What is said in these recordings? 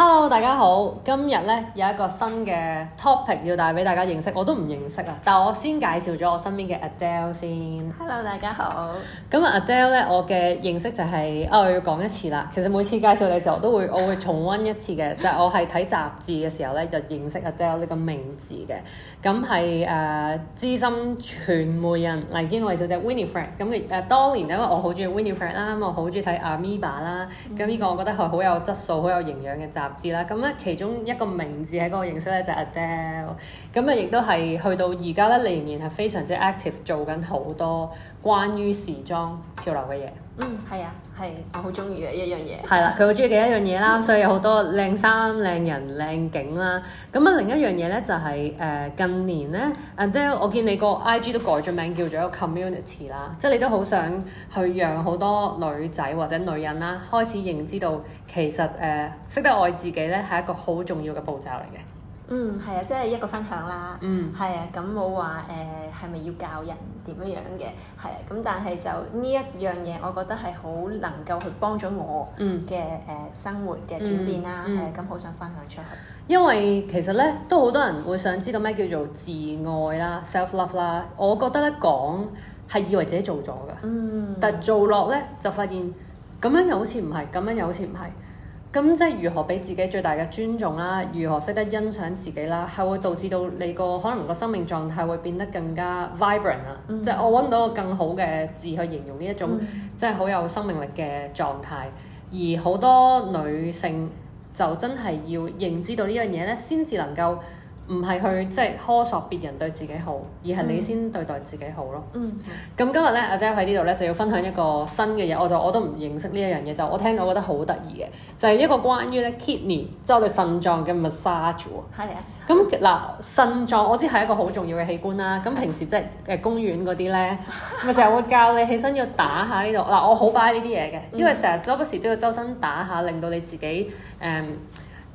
Hello，大家好。今日咧有一個新嘅 topic 要帶俾大家認識，我都唔認識啊。但係我先介紹咗我身邊嘅 Adele 先。Hello，大家好。咁 Adele 咧，我嘅認識就係、是、啊，我要講一次啦。其實每次介紹你嘅時候，我都會我會重温一次嘅。就係、是、我係睇雜誌嘅時候咧，就認識 Adele 呢個名字嘅。咁係誒資深傳媒人黎堅惠小姐 Winifred n e。咁嘅誒當年咧，因為我好中意 Winifred 啦，咁我好中意睇阿米巴啦。咁呢個我覺得係好有質素、好、mm hmm. 有營養嘅雜誌。字啦，咁咧其中一個名字喺個認識咧就係 Adele，咁啊亦都係去到而家咧，仍然係非常之 active，做緊好多關於時裝潮流嘅嘢。嗯，係啊，係、啊，我好中意嘅一樣嘢。係啦，佢好中意嘅一樣嘢啦，所以有好多靚衫、靚人、靚景啦。咁啊，另一樣嘢咧就係、是、誒、呃、近年咧 Adele 我見你個 IG 都改咗名，叫做一個 Community 啦，即係你都好想去讓好多女仔或者女人啦，開始認知到其實誒識、呃、得愛自己咧係一個好重要嘅步驟嚟嘅。嗯，係、um, 啊，即係一個分享啦，嗯，係啊，咁冇話誒係咪要教人點樣樣嘅，係啊，咁但係就呢一樣嘢，我覺得係好能夠去幫咗我嘅誒生活嘅轉變啦，誒咁好想分享出去。因為其實咧，都好多人會想知道咩叫做自愛啦，self love 啦。我覺得咧講係以為自己做咗㗎，嗯、但做落咧就發現咁樣又好似唔係，咁樣又好似唔係。咁即係如何俾自己最大嘅尊重啦，如何識得欣賞自己啦，係會導致到你個可能個生命狀態會變得更加 vibrant 啊、嗯！即係我揾到個更好嘅字去形容呢一種，即係好有生命力嘅狀態。而好多女性就真係要認知到呢樣嘢咧，先至能夠。唔係去即係苛索別人對自己好，而係你先對待自己好咯、嗯。嗯，咁今日咧，阿姐喺呢度咧就要分享一個新嘅嘢，我就我都唔認識呢一樣嘢，就我聽我覺得好得意嘅，就係、是、一個關於咧 Kidney，即係我哋腎臟嘅 massage。係啊的。咁嗱，腎臟我知係一個好重要嘅器官啦。咁平時即係誒公園嗰啲咧，咪成日會教你起身要打下呢度嗱，我好 buy 呢啲嘢嘅，因為成日周不時都要周身打下，令到你自己誒。嗯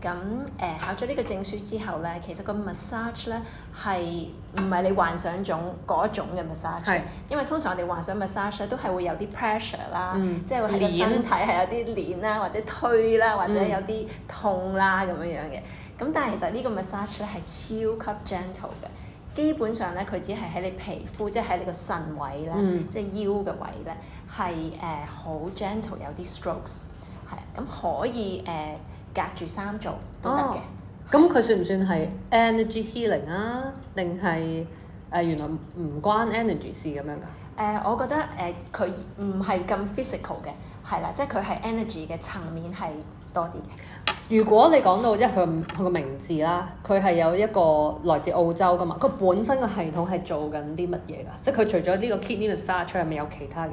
咁誒、呃、考咗呢個證書之後咧，其實個 massage 咧係唔係你幻想種嗰種嘅 massage？是因為通常我哋幻想 massage 都係會有啲 pressure 啦、嗯，即係會喺個身體係有啲捏啦，或者推啦，或者有啲痛啦咁、嗯、樣樣嘅。咁但係其實個呢個 massage 咧係超級 gentle 嘅，基本上咧佢只係喺你皮膚，即係喺你個腎位咧，嗯、即係腰嘅位咧，係誒好 gentle 有啲 strokes，係咁可以誒。呃隔住衫做都得嘅，咁佢算唔算係 energy healing 啊？定係誒原來唔關 energy 事咁樣噶？誒、呃、我覺得誒佢唔係咁 physical 嘅，係、呃、啦，即係佢係 energy 嘅層面係多啲嘅。如果你講到即係佢佢個名字啦，佢係有一個來自澳洲噶嘛，佢本身嘅系統係做緊啲乜嘢噶，即係佢除咗呢個 Kidney Massage 出，係咪有其他嘢？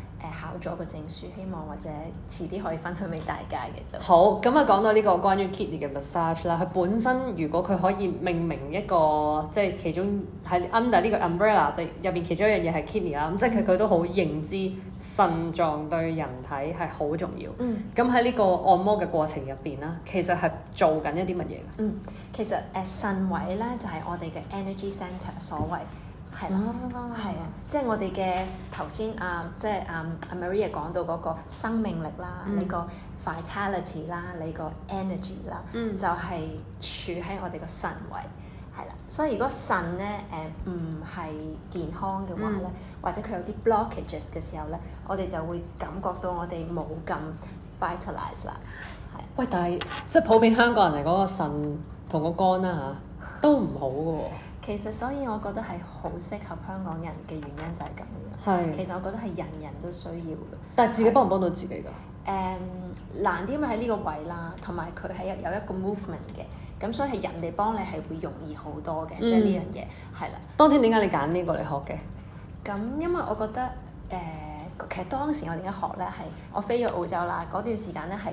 誒考咗個證書，希望或者遲啲可以分享俾大家嘅。好，咁啊講到呢個關於 Kidney 嘅 massage 啦，佢本身如果佢可以命名一個，即係其中喺 under 呢個 umbrella 入邊其中一樣嘢係 Kidney 啦，咁即係佢都好認知腎臟對人體係好重要。嗯。咁喺呢個按摩嘅過程入邊啦，其實係做緊一啲乜嘢？嗯，其實誒、呃、腎位咧就係、是、我哋嘅 energy center 所謂。係啦，係 啊，即係我哋嘅頭先啊，即係啊 Maria 講到嗰個生命力啦，嗯、你個 vitality 啦，你個 energy 啦，就係處喺我哋個腎位，係啦。所以如果腎咧誒唔係健康嘅話咧，嗯、或者佢有啲 blockages 嘅時候咧，我哋就會感覺到我哋冇咁 vitalized 啦。係。喂，但係即係普遍香港人嚟講，個腎同個肝啦、啊、嚇都唔好嘅喎。 其實所以我覺得係好適合香港人嘅原因就係咁樣。係是。其實我覺得係人人都需要嘅。但係自己幫唔幫到自己㗎？誒、嗯，難啲，因為喺呢個位啦，同埋佢係有一個 movement 嘅，咁所以係人哋幫你係會容易好多嘅，即係呢樣嘢係啦。這個、當天點解你揀呢個嚟學嘅？咁、嗯、因為我覺得誒、呃，其實當時我點解學咧係我飛咗澳洲啦，嗰段時間咧係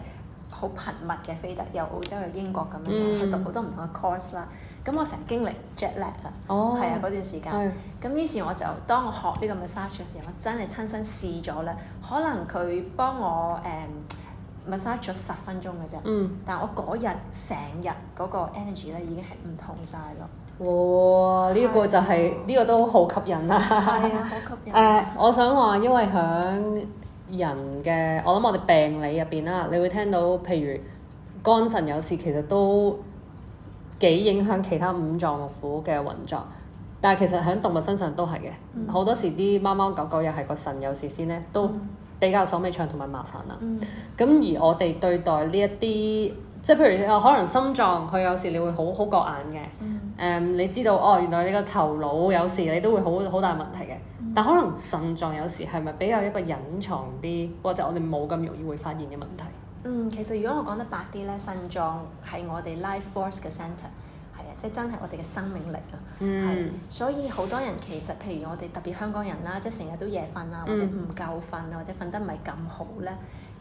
好頻密嘅飛得，由澳洲去英國咁樣，嗯、我讀好多唔同嘅 course 啦。咁我成日經歷 jet lag 啊、oh,，係啊，嗰段時間。咁的於是我就當我學呢個 massage 嘅時候，我真係親身試咗咧。可能佢幫我誒、um, massage 咗十分鐘嘅啫，嗯、但係我嗰日成日嗰個 energy 咧已經係唔同晒咯。哇！呢、這個就係、是、呢的個都好吸引啦。係啊，好 吸引、啊。誒、uh,，我想話，因為響人嘅，我諗我哋病理入邊啦，你會聽到譬如肝腎有事，其實都～幾影響其他五臟六腑嘅運作，但係其實喺動物身上都係嘅，好、嗯、多時啲貓貓狗狗又係個腎有事先咧，嗯、都比較手尾長同埋麻煩啦。咁、嗯、而我哋對待呢一啲，即係譬如可能心臟佢有時你會好好覺眼嘅，誒、嗯 um, 你知道哦，原來你個頭腦有時你都會好好大問題嘅，嗯、但可能腎臟有時係咪比較一個隱藏啲，或者我哋冇咁容易會發現嘅問題？嗯，其實如果我講得白啲咧，腎臟係我哋 life force 嘅 centre，e 係啊，即係真係我哋嘅生命力啊，係。所以好多人其實，譬如我哋特別香港人啦，即係成日都夜瞓啊，或者唔夠瞓啊，或者瞓得唔係咁好咧。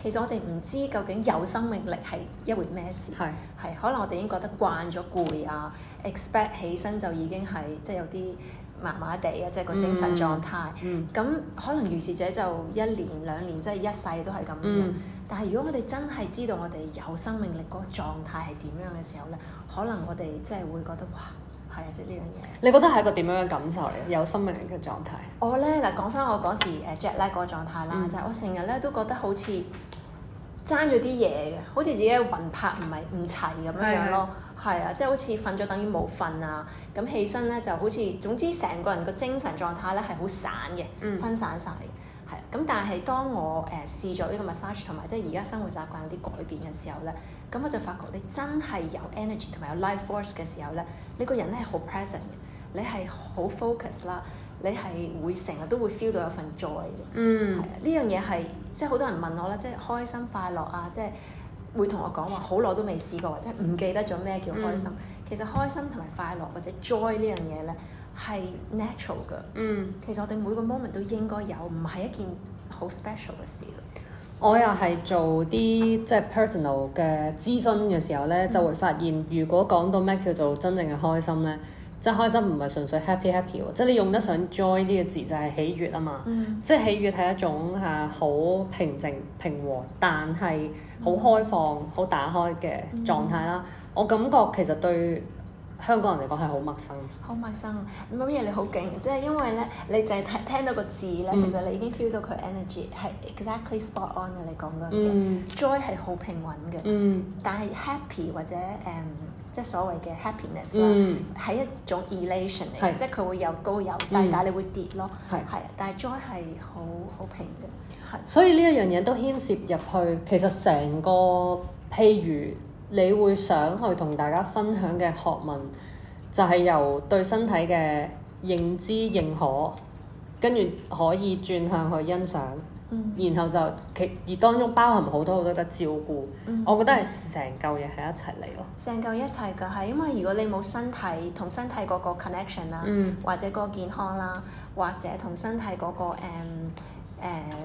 其實我哋唔知究竟有生命力係一回咩事，係，係。可能我哋已經覺得慣咗攰啊，expect 起身就已經係即係有啲麻麻地啊，即係個精神狀態。咁可能如是者就一年兩年即係一世都係咁樣。但係如果我哋真係知道我哋有生命力嗰個狀態係點樣嘅時候咧，可能我哋即係會覺得哇，係啊！即係呢樣嘢。你覺得係一個點樣嘅感受嚟嘅？有生命力嘅狀態。我咧嗱，講翻我嗰時誒 jet lag 嗰個狀態啦，嗯、就係我成日咧都覺得好似爭咗啲嘢嘅，好似自己嘅魂魄唔係唔齊咁樣樣咯。係啊、嗯，即係的、就係、好似瞓咗，等於冇瞓啊。咁起身咧，就好似總之成個人個精神狀態咧係好散嘅，分散晒。嗯係，咁但係當我誒、呃、試咗呢個 massage 同埋即係而家生活習慣有啲改變嘅時候咧，咁我就發覺你真係有 energy 同埋有 life force 嘅時候咧，你個人咧係好 present 嘅，你係好 focus 啦，你係會成日都會 feel 到有份 joy 嘅。嗯、mm.，呢樣嘢係即係好多人問我啦，即係開心快樂啊，即係會同我講話好耐都未試過，或者唔記得咗咩叫開心。Mm. 其實開心同埋快樂或者 joy 呢樣嘢咧。係 natural 嘅，嗯、其實我哋每個 moment 都應該有，唔係一件好 special 嘅事咯。我又係做啲即係 personal 嘅諮詢嘅時候呢，就會發現，嗯、如果講到咩叫做真正嘅開心呢，即、就、係、是、開心唔係純粹 happy happy 喎，即、就、係、是、你用得上 joy 呢個字就係喜悅啊嘛。即係、嗯、喜悅係一種嚇好、啊、平靜平和，但係好開放、好、嗯、打開嘅狀態啦。嗯、我感覺其實對。香港人嚟講係好陌生。好陌生，咁乜嘢你好勁，即係因為咧，你就係聽聽到個字咧，嗯、其實你已經 feel 到佢 energy 係 exactly spot on 嘅，你講緊嘅 joy 係好平穩嘅，嗯、但係 happy 或者誒、嗯、即係所謂嘅 happiness 啦、嗯，係一種 elation 嚟嘅，是即係佢會有高有低，嗯、但係你會跌咯，係是是，但係 joy 係好好平嘅。係，所以呢一樣嘢都牽涉入去，其實成個譬如。你會想去同大家分享嘅學問，就係、是、由對身體嘅認知認可，跟住可以轉向去欣賞，嗯、然後就其而當中包含好多好多嘅照顧。嗯、我覺得係成嚿嘢係一齊嚟咯，成嚿一齊㗎，係因為如果你冇身體同身體嗰個 connection 啦、嗯，或者個健康啦，或者同身體嗰、個誒、um, uh,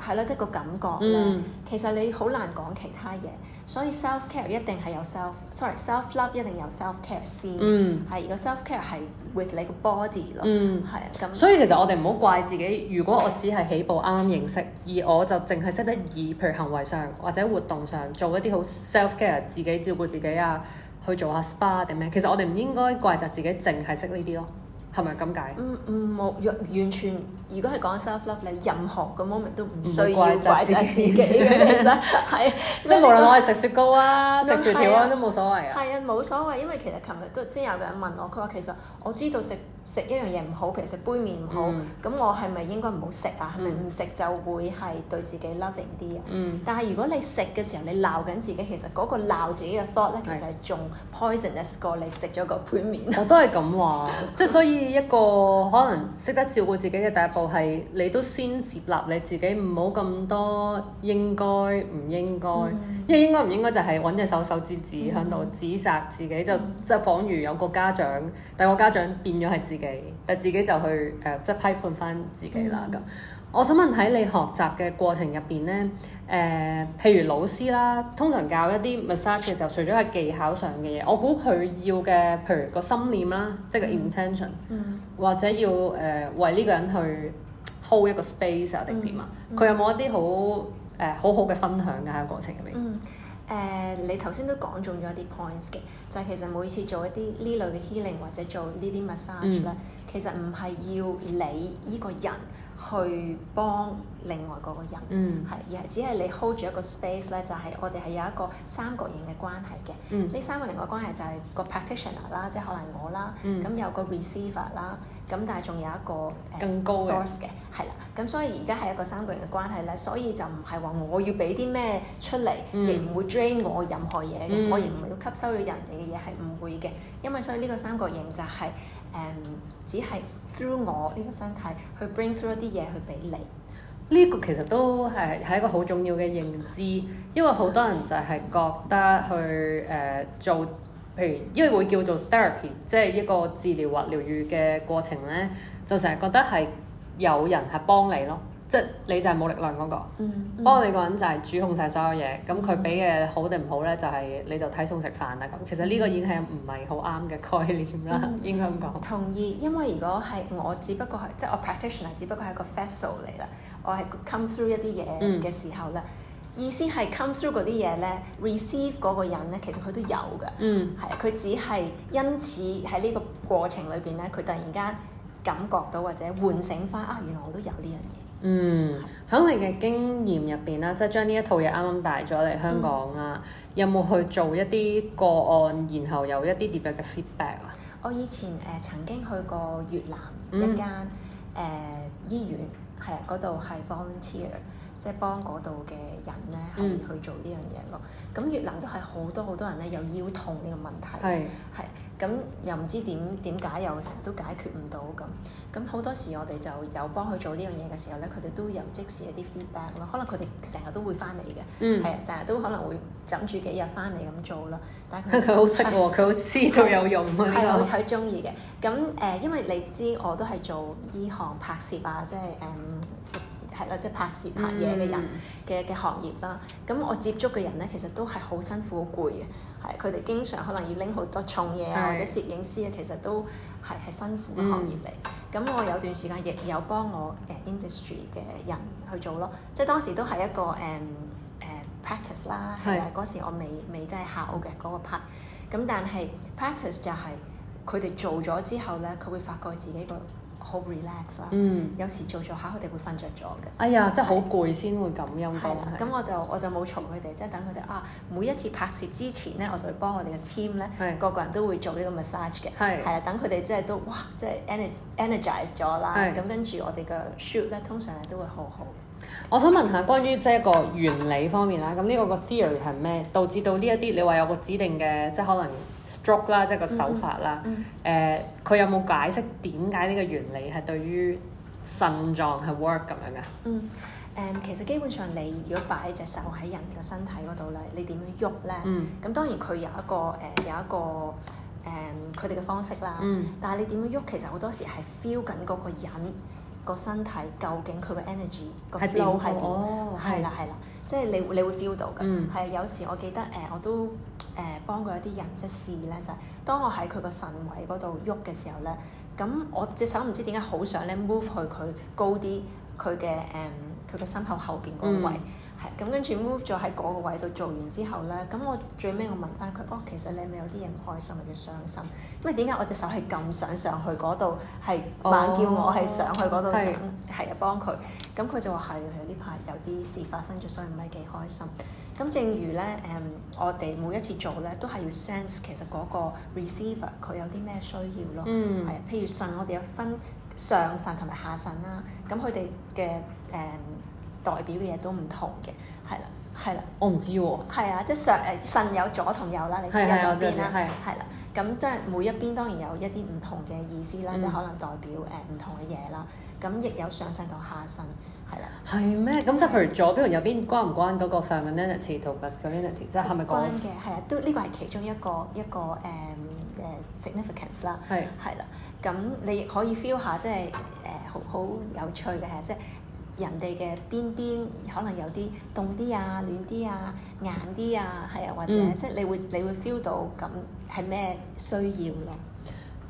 係啦，即係個感覺啦。嗯、其實你好難講其他嘢，所以 self care 一定係有 self，sorry self, sorry, self love 一定有 self care 先。係個、嗯、self care 係 with 你個 body 咯。係啊、嗯，咁。所以其實我哋唔好怪自己。如果我只係起步啱啱認識，而我就淨係識得以譬如行為上或者活動上做一啲好 self care，自己照顧自己啊，去做下 spa 定咩？其實我哋唔應該怪責自己，淨係識呢啲咯。係咪咁解？唔唔冇，完全如果係講 self love 你任何個 moment 都唔需要怪責自己嘅，係即係無論我係食雪糕啊、食薯條啊都冇、嗯嗯嗯、所謂啊。係啊，冇所謂，因為其實琴日都先有個人問我，佢話其實我知道食食一樣嘢唔好，譬如食杯麪唔好，咁、嗯、我係咪應該唔好食啊？係咪唔食就會係對自己 loving 啲啊？嗯、但係如果你食嘅時候你鬧緊自己，其實嗰個鬧自己嘅 thought 咧，其實係仲 poisonous 過你食咗個杯麪。我都係咁話，即係所以。 一個可能識得照顧自己嘅第一步係，你都先接納你自己，唔好咁多應該唔應該、mm，因、hmm. 為應該唔應該就係揾隻手手指指，喺度指責自己，mm hmm. 就即係仿如有個家長，但個家長變咗係自己，但自己就去誒即係批判翻自己啦咁。Mm hmm. 我想問喺你學習嘅過程入邊咧，誒、呃，譬如老師啦，通常教一啲 massage 嘅時候，除咗係技巧上嘅嘢，我估佢要嘅，譬如個心念啦，嗯、即係 intention，、嗯、或者要誒、呃、為呢個人去 hold 一個 space 啊定點啊，佢、嗯嗯、有冇一啲、呃、好誒好好嘅分享㗎喺過程入面？誒、嗯呃，你頭先都講中咗一啲 points 嘅，就係、是、其實每次做一啲呢類嘅 healing 或者做呢啲 massage 咧啦，嗯、其實唔係要你依個人。去幫另外嗰個人，係而係只係你 hold 住一個 space 咧，就係我哋係有一個三角形嘅關係嘅。呢、嗯、三角形嘅關係就係個 practitioner 啦，即係可能我啦，咁有個 receiver 啦，咁但係仲有一個，receiver，有一個、uh，更高嘅 source 嘅，係啦。咁所以而家係一個三角形嘅關係咧，所以就唔係話我要俾啲咩出嚟，亦唔、嗯、會 drain 我任何嘢、嗯、我亦唔要吸收咗人哋嘅嘢係唔會嘅，因為所以呢個三角形就係、是、誒。Um, 只係 through 我呢個身體去 bring through 一啲嘢去俾你，呢個其實都係係一個好重要嘅認知，因為好多人就係覺得去誒、呃、做，譬如因為會叫做 therapy，即係一個治療或療愈嘅過程咧，就成日覺得係有人係幫你咯。即係你就係冇力量嗰、那個，不過、嗯嗯、你個人就係主控晒所有嘢。咁佢俾嘅好定唔好咧，就係你就睇餸食飯啦。咁、嗯、其實呢個已經係唔係好啱嘅概念啦，嗯、 應該咁講。同意，因為如果係我，只不過係即係我 practitioner，只不過係個 vessel 嚟啦。我係 come through 一啲嘢嘅時候咧，嗯、意思係 come through 嗰啲嘢咧，receive 嗰個人咧，其實佢都有嘅，係佢、嗯、只係因此喺呢個過程裏邊咧，佢突然間感覺到或者喚醒返啊，原來我都有呢樣嘢。嗯，喺你嘅經驗入邊啦，即係將呢一套嘢啱啱帶咗嚟香港啦，嗯、有冇去做一啲個案，然後有一啲點樣嘅 feedback 啊？我以前誒、呃、曾經去過越南一間誒、嗯呃、醫院，係啊，嗰度係 volunteer。即係幫嗰度嘅人咧，可以、嗯、去做呢樣嘢咯。咁越南都係好多好多人咧，有腰痛呢個問題，係咁是又唔知點點解又成日都解決唔到咁。咁好多時我哋就有幫佢做呢樣嘢嘅時候咧，佢哋都有即時一啲 feedback 咯。可能佢哋成日都會翻嚟嘅，係啊、嗯，成日都可能會枕住幾日翻嚟咁做啦。但係佢好識喎，佢好、 啊、 知道有用啊呢 很、這個。係佢中意嘅。咁誒、呃，因為你知我都係做依行拍攝啊，即係誒。Um, 就是係啦，即係拍攝拍嘢嘅人嘅嘅、嗯、行業啦。咁我接觸嘅人咧，其實都係好辛苦、好攰嘅。係，佢哋經常可能要拎好多重嘢啊，係、或者攝影師啊，其實都係係辛苦嘅行業嚟。咁、嗯、我有段時間亦有幫我誒、uh, industry 嘅人去做咯。即係當時都係一個誒誒、um, uh, practice 啦，係、嗰時我未未真係考嘅嗰個 part。咁但係 practice 就係佢哋做咗之後咧，佢會發覺自己個好 relax 啦，嗯、有時做做下佢哋會瞓着咗嘅。哎呀，真係好攰先會咁樣。咁的的我就我就冇嘈佢哋，即係等佢哋啊，每一次拍攝之前咧，我就會幫我哋嘅 team 咧，個的個人都會做呢個 massage 嘅。係的，係啦，等佢哋即係都哇，即係 ener, energize 咗啦。咁跟住我哋嘅 shoot 咧，通常係都會好好。我想問下關於即係一個原理方面啦，咁呢個個 theory 係咩？導致到呢一啲你話有個指定嘅即係可能 stroke 啦，即係個手法啦。誒、嗯，佢、呃、有冇解釋點解呢個原理係對於腎臟係 work 咁樣嘅？嗯，誒，其實基本上你如果擺隻手喺人嘅身體嗰度咧，你點樣喐咧？咁、嗯、當然佢有一個誒、呃、有一個誒佢哋嘅方式啦。嗯、但係你點樣喐，其實好多時係 feel 緊嗰個人。個身體究竟佢個 energy 個 flow 係點？係啦係啦，即係你你會 feel 到嘅。係、嗯、有時我記得誒、呃，我都誒幫、呃、過一啲人即係試咧，就係當我喺佢個腎位嗰度喐嘅時候咧，咁我隻手唔知點解好想咧 move 去佢高啲佢嘅誒佢嘅心口後邊嗰位。嗯係咁，跟住 move 咗喺嗰個位度做完之後咧，咁我最尾我問翻佢，哦，其實你係咪有啲嘢唔開心或者傷心？因為點解我隻手係咁想上去嗰度，係猛叫我係上去嗰度，想係啊幫佢。咁佢就話係，呢排有啲事發生咗，所以唔係幾開心。咁正如咧，誒、um,，我哋每一次做咧，都係要 sense 其實嗰個 receiver 佢有啲咩需要咯。嗯。係啊，譬如腎，我哋有分上神上腎同埋下腎啦、啊。咁佢哋嘅誒。Um, 代表嘅嘢都唔同嘅，係啦，係啦，我唔知喎。係啊，即係上誒腎有左同右啦，你知有邊啦，係啦，咁即係每一邊當然有一啲唔同嘅意思啦，即係可能代表誒唔同嘅嘢啦，咁亦有上腎同下腎，係啦。係咩？咁即係譬如左邊同右邊關唔關嗰個 femininity 同 masculinity？即係係咪關？嘅，係啊，都呢個係其中一個一個誒誒 significance 啦，係係啦，咁你可以 feel 下，即係誒好好有趣嘅係即係。人哋嘅邊邊可能有啲凍啲啊、暖啲啊、硬啲啊，係啊，或者、嗯、即係你會你會 feel 到咁係咩需要咯？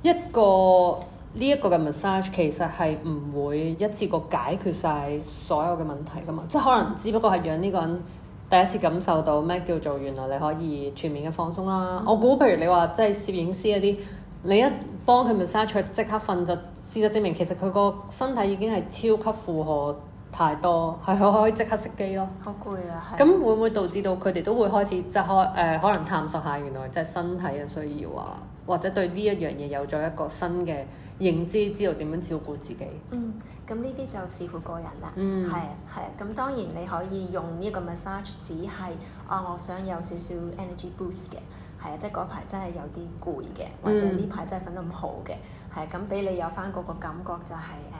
一個呢一個嘅 massage 其實係唔會一次過解決晒所有嘅問題㗎嘛，即係可能只不過係讓呢個人第一次感受到咩叫做原來你可以全面嘅放鬆啦。嗯、我估譬如你話即係攝影師嗰啲，你一幫佢 massage 即刻瞓，就事實證明其實佢個身體已經係超級負荷。太多係可可以即刻熄機咯，好攰啦！咁會唔會導致到佢哋都會開始即係開誒，可能探索下原來即係身體嘅需要啊，或者對呢一樣嘢有咗一個新嘅認知，知道點樣照顧自己。嗯，咁呢啲就視乎個人啦。嗯，係係。咁當然你可以用呢個 massage，只係啊，我想有少少 energy boost 嘅。係啊，即係嗰排真係有啲攰嘅，嗯、或者呢排真係瞓得唔好嘅。係啊，咁俾你有翻嗰個感覺就係、係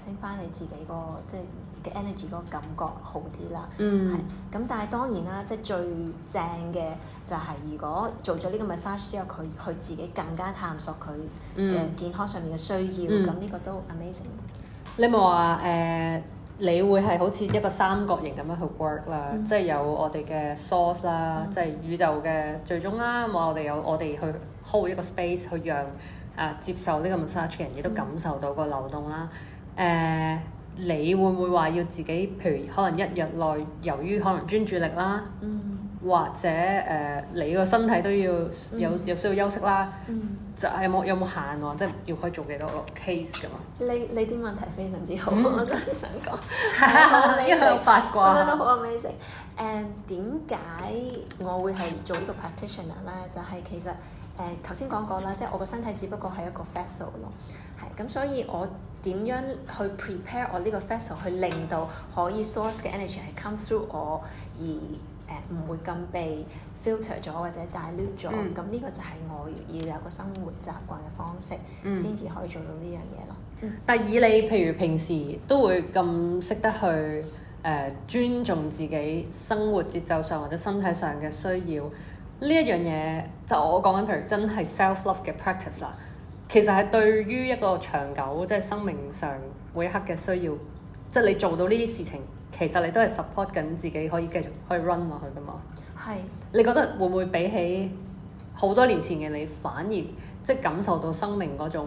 升翻你自己個即係嘅 energy 嗰個感覺好啲啦。嗯，咁但係當然啦，即係最正嘅就係如果做咗呢個 massage 之後，佢佢自己更加探索佢嘅健康上面嘅需要，咁呢、嗯、個都 amazing。嗯、你冇話誒，你會係好似一個三角形咁樣去 work 啦、嗯，即係有我哋嘅 source 啦，即係宇宙嘅最終啦。咁、嗯啊、我哋有我哋去 hold 一個 space 去讓誒、啊、接受呢個 massage 嘅人亦都感受到個流動啦。嗯嗯。誒，你會唔會話要自己？譬如可能一日內，由於可能專注力啦，或者誒，你個身體都要有有需要休息啦，就係冇有冇限喎？即係要可以做幾多個 case 噶嘛？呢呢啲問題非常之好，我都想講。好八卦？我覺得好 amazing。誒，點解我會係做呢個 practitioner 咧？就係其實誒頭先講過啦，即係我個身體只不過係一個 facial 咯，係咁，所以我。點樣去 prepare 我呢個 vessel，去令到可以 source 嘅 energy 係 come through 我，而誒唔會咁被 filter 咗或者 dilute 咗，咁呢、嗯、個就係我要有個生活習慣嘅方式，先至、嗯、可以做到呢樣嘢咯。嗯、但以你、嗯、譬如平時都會咁識得去誒、呃、尊重自己生活節奏上或者身體上嘅需要，呢一樣嘢就我講緊，譬如真係 self love 嘅 practice 啦。其實係對於一個長久即係、就是、生命上每一刻嘅需要，即、就、係、是、你做到呢啲事情，其實你都係 support 緊自己可以繼續可以 run 去 run 落去噶嘛。係，你覺得會唔會比起好多年前嘅你，反而即係、就是、感受到生命嗰種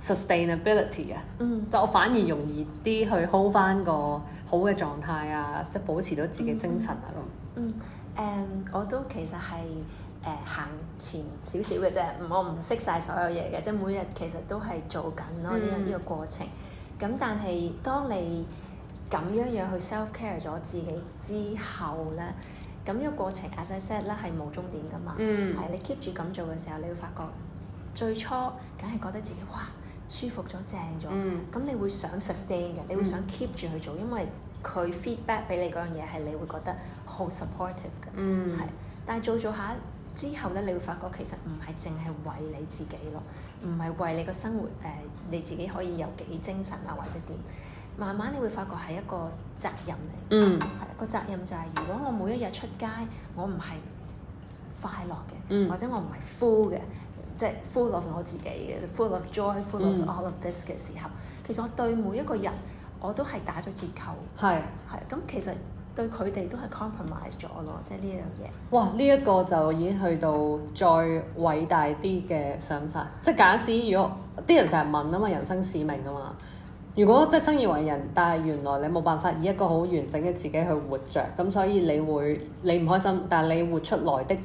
sustainability 啊？嗯，就我反而容易啲去 hold 翻個好嘅狀態啊，即、就、係、是、保持到自己精神啊咁、嗯嗯。嗯，誒，我都其實係。誒行、呃、前少少嘅啫，我唔識晒所有嘢嘅，即係每日其實都係做緊咯呢、mm. 呢個呢、呢個過程。咁但係當你咁樣樣去 self care 咗自己之後咧，咁呢個過程 as I said 啦係冇終點噶嘛，係、mm. 你 keep 住咁做嘅時候，你會發覺最初梗係覺得自己哇舒服咗正咗，咁、mm. 你會想 sustain 嘅，你會想 keep 住去做，mm. 因為佢 feedback 俾你嗰樣嘢係你會覺得好 supportive 嘅，係、mm.。但係做着做下，之後咧，你會發覺其實唔係淨係為你自己咯，唔係為你個生活誒、呃，你自己可以有幾精神啊，或者點？慢慢你會發覺係一個責任嚟，係個、mm. 嗯、責任就係、是、如果我每一日出街，我唔係快樂嘅，mm. 或者我唔係 full 嘅，即、就、係、是、full of 我自己嘅，full of joy，full of、mm. all of this 嘅時候，其實我對每一個人我都係打咗折扣，係係咁其實。對佢哋都係 compromise 咗咯，即係呢樣嘢。哇！呢一個就已經去到再偉大啲嘅想法。即係假使如果啲人成日問啊嘛，人生使命啊嘛。如果即係生而為人，但係原來你冇辦法以一個好完整嘅自己去活着，咁所以你會你唔開心，但係你活出來的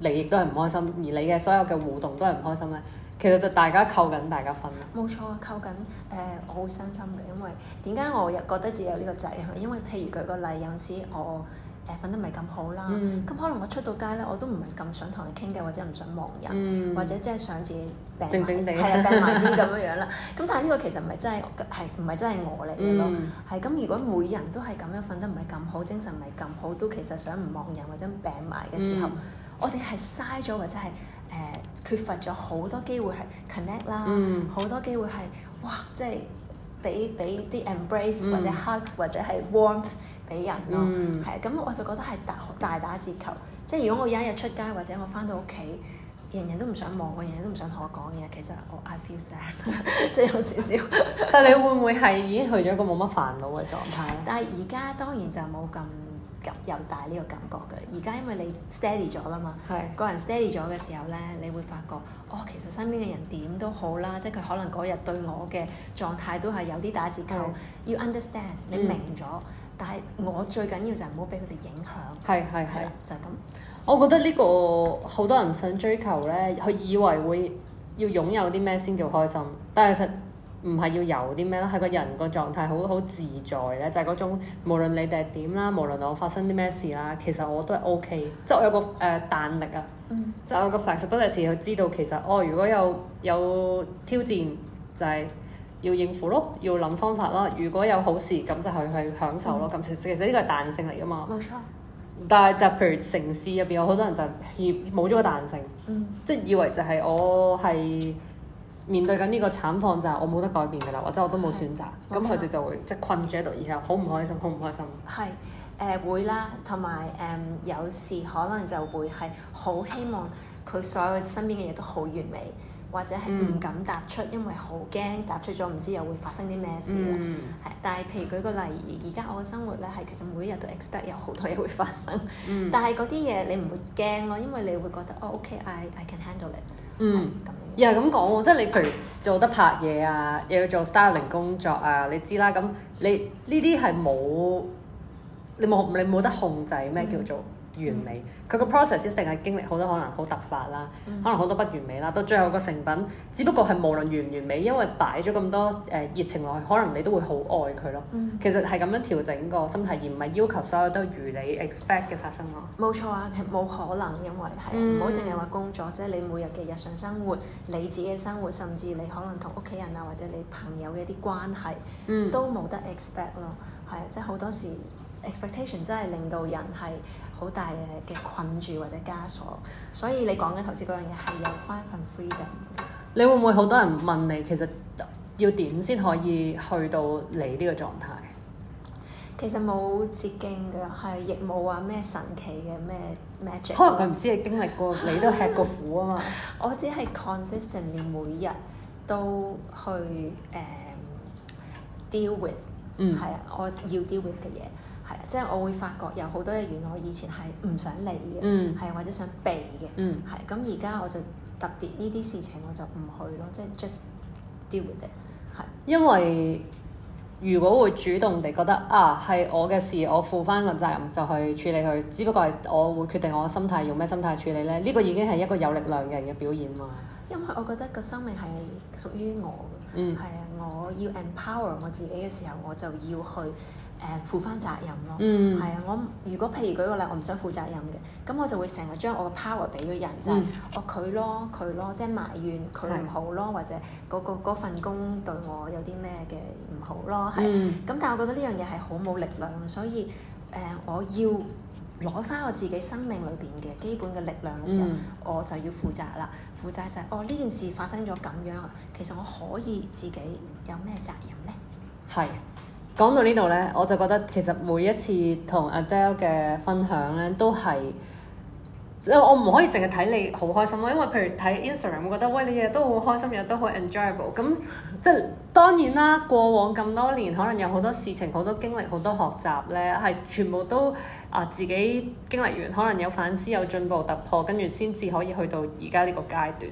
你亦都係唔開心，而你嘅所有嘅互動都係唔開心咧。其實就大家扣緊大家瞓啦。冇錯啊，扣緊誒、呃，我好傷心嘅，因為點解我又覺得自己有呢個仔啊？因為譬如舉個例，有時我誒瞓得唔係咁好啦，咁、嗯、可能我出到街咧，我都唔係咁想同佢傾偈，或者唔想望人，嗯、或者即係想自己病埋先咁樣樣啦。咁但係呢個其實唔係真係係唔係真係我嚟嘅咯？係咁、嗯，如果每人都係咁樣瞓得唔係咁好，精神唔係咁好，都其實想唔望人或者病埋嘅時候，嗯、我哋係嘥咗或者係。呃、缺乏咗好多機會係 connect 啦，好、嗯、多機會係哇，即係俾俾啲 embrace、嗯、或者 hugs 或者係 warmth 俾人咯，係咁、嗯、我就覺得係大大打折扣。即係如果我有一日出街或者我翻到屋企，人人都唔想望我，人人都唔想同我講嘢，其實我 I feel sad， 即係有少少。但你會唔會係已經去咗一個冇乜煩惱嘅狀態？但係而家當然就冇咁。又大呢個感覺嘅，而家因為你 steady 咗啦嘛，是個人 steady 咗嘅時候咧，你會發覺哦，其實身邊嘅人點都好啦，即係佢可能嗰日對我嘅狀態都係有啲打折扣，要 understand 你明咗，嗯、但係我最緊要就係唔好俾佢哋影響，係係係，啦是就係咁。我覺得呢、呢個好多人想追求咧，佢以為會要擁有啲咩先叫開心，但係其實。唔係要有啲咩咯，係個人個狀態好好自在咧，就係、是、嗰種無論你哋係點啦，無論我發生啲咩事啦，其實我都係 OK，即係我有個誒、呃、彈力啊，嗯、就係我個 flexibility 去知道其實哦，如果有有挑戰就係、是、要應付咯，要諗方法咯。如果有好事咁就係去享受咯。咁、嗯、其實其實呢個係彈性嚟噶嘛。冇錯。但係就譬如城市入邊有好多人就冇咗個彈性，嗯、即係以為就係我係。面對緊呢個慘況就係我冇得改變㗎啦，或者我都冇選擇，咁佢哋就會 Okay. 即係困住喺度，然後好唔開心，好唔開心。係誒、呃、會啦，同埋誒有時可能就會係好希望佢所有身邊嘅嘢都好完美，或者係唔敢踏出，mm. 因為好驚踏出咗唔知又會發生啲咩事啦。係、mm.，但係譬如舉個例，而家我嘅生活咧係其實每一日都 expect 有好多嘢會發生，mm. 但係嗰啲嘢你唔會驚咯，因為你會覺得、mm. 哦，OK，I、okay, I can handle it，嗯。Mm. Mm. 又係咁講喎，即係你譬如做得拍嘢啊，又要做 styling 工作啊，你知啦，咁你呢啲係冇，你冇你冇得控制咩叫做，嗯完美，佢個、mm. process 一定係經歷好多可能，好突發啦，mm. 可能好多不完美啦，到最後個成品，只不過係無論完唔完美，因為擺咗咁多誒、呃、熱情落去，可能你都會好愛佢咯。Mm. 其實係咁樣調整個心態，而唔係要求所有都如你 expect 嘅發生咯。冇錯啊，冇可能，因為係唔好淨係話工作、mm. 即係。你每日嘅日常生活，你自己嘅生活，甚至你可能同屋企人啊，或者你朋友嘅啲關係，mm. 都冇得 expect 咯。係，即係好多時。Expectation 真係令到人係好大嘅嘅困住或者枷鎖，所以你講緊頭先嗰樣嘢係有翻一份 freedom。你會唔會好多人問你，其實要點先可以去到你呢個狀態？其實冇捷徑㗎，係亦冇話咩神奇嘅咩 magic。Mag 可能佢唔知你經歷過， 你都吃過苦啊嘛。 我只係 consistently 每日都去誒、uh, deal with，嗯，係啊，我要 deal with 嘅嘢。係，即係我會發覺有好多嘢原來我以前係唔想理嘅，係、嗯、或者想避嘅，係咁而家我就特別呢啲事情我就唔去咯，即係 just deal 嘅啫。係因為如果會主動地覺得啊係我嘅事，我負翻個責任就去處理佢，只不過係我會決定我心態用咩心態處理咧。呢、呢個已經係一個有力量嘅人嘅表現嘛。因為我覺得個生命係屬於我嘅，係啊、嗯，我要 empower 我自己嘅時候，我就要去。誒負翻責任咯，係啊、嗯！我如果譬如舉個例，我唔想負責任嘅，咁我就會成日將我嘅 power 俾咗人，就係、是嗯、哦，佢咯佢咯，即係埋怨佢唔好咯，是或者嗰、那個、份工對我有啲咩嘅唔好咯，係。咁、嗯、但係我覺得呢樣嘢係好冇力量，所以誒、呃，我要攞翻我自己生命裏邊嘅基本嘅力量嘅時候，嗯、我就要負責啦。負責就係、是、哦，呢件事發生咗咁樣啊，其實我可以自己有咩責任咧？係。講到呢度呢，我就覺得其實每一次同 Adele 嘅分享呢，都係我唔可以淨係睇你好開心咯，因為譬如睇 Instagram，我覺得喂，你日日都好開心，日日都好 enjoyable。咁即係當然啦，過往咁多年，可能有好多事情、好多經歷、好多學習呢，係全部都啊自己經歷完，可能有反思、有進步、突破，跟住先至可以去到而家呢個階段。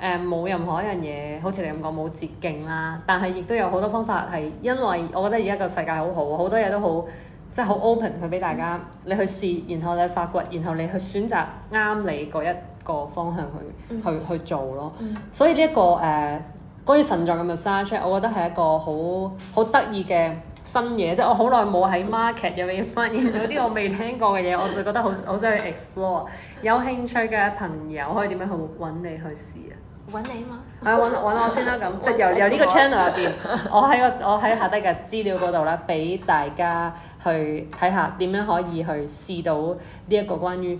誒冇、嗯、任何一樣嘢，好似你咁講冇捷徑啦。但係亦都有好多方法係，因為我覺得而家個世界好好，好多嘢都好，即係好 open 去俾大家、嗯、你去試，然後你去發掘，然後你去選擇啱你嗰一個方向去、嗯、去去做咯。嗯、所以呢、這、一個誒、呃、關於神像嘅 massage，我覺得係一個好好得意嘅新嘢，即係我好耐冇喺 market 入面發現到啲 我未聽過嘅嘢，我就覺得好好想去 explore。有興趣嘅朋友可以點樣去揾你去試啊？揾你啊嘛，啊揾揾我先啦咁，啊、即係由由呢個 channel 入邊，我喺個我喺下低嘅資料嗰度啦，俾大家去睇下點樣可以去試到呢一個關於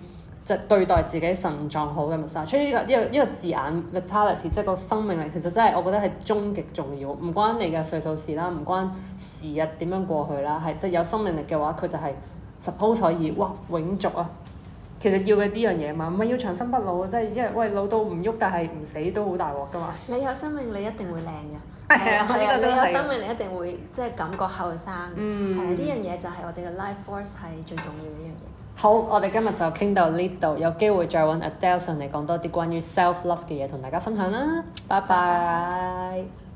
即係、就是、對待自己腎臟好嘅 massage。所以呢個一、這個一、呢個字眼 vitality 即係個生命力，其實真係我覺得係終極重要，唔關你嘅歲數事啦，唔關時日點樣過去啦，係即係有生命力嘅話，佢就係 supposed 可以哇永續啊！其實要嘅呢樣嘢嘛，唔係要長生不老，即係因為喂老到唔喐，但係唔死都好大鑊噶嘛。你有生命，你一定會靚嘅。係啊，呢個都係。你有生命，你一定會即係感覺後生。嗯，呢樣嘢就係我哋嘅 life force 係最重要嘅一樣嘢。好，我哋今日就傾到呢度，有機會再揾 Adele 上嚟講多啲關於 self love 嘅嘢同大家分享啦。嗯、拜拜。拜拜。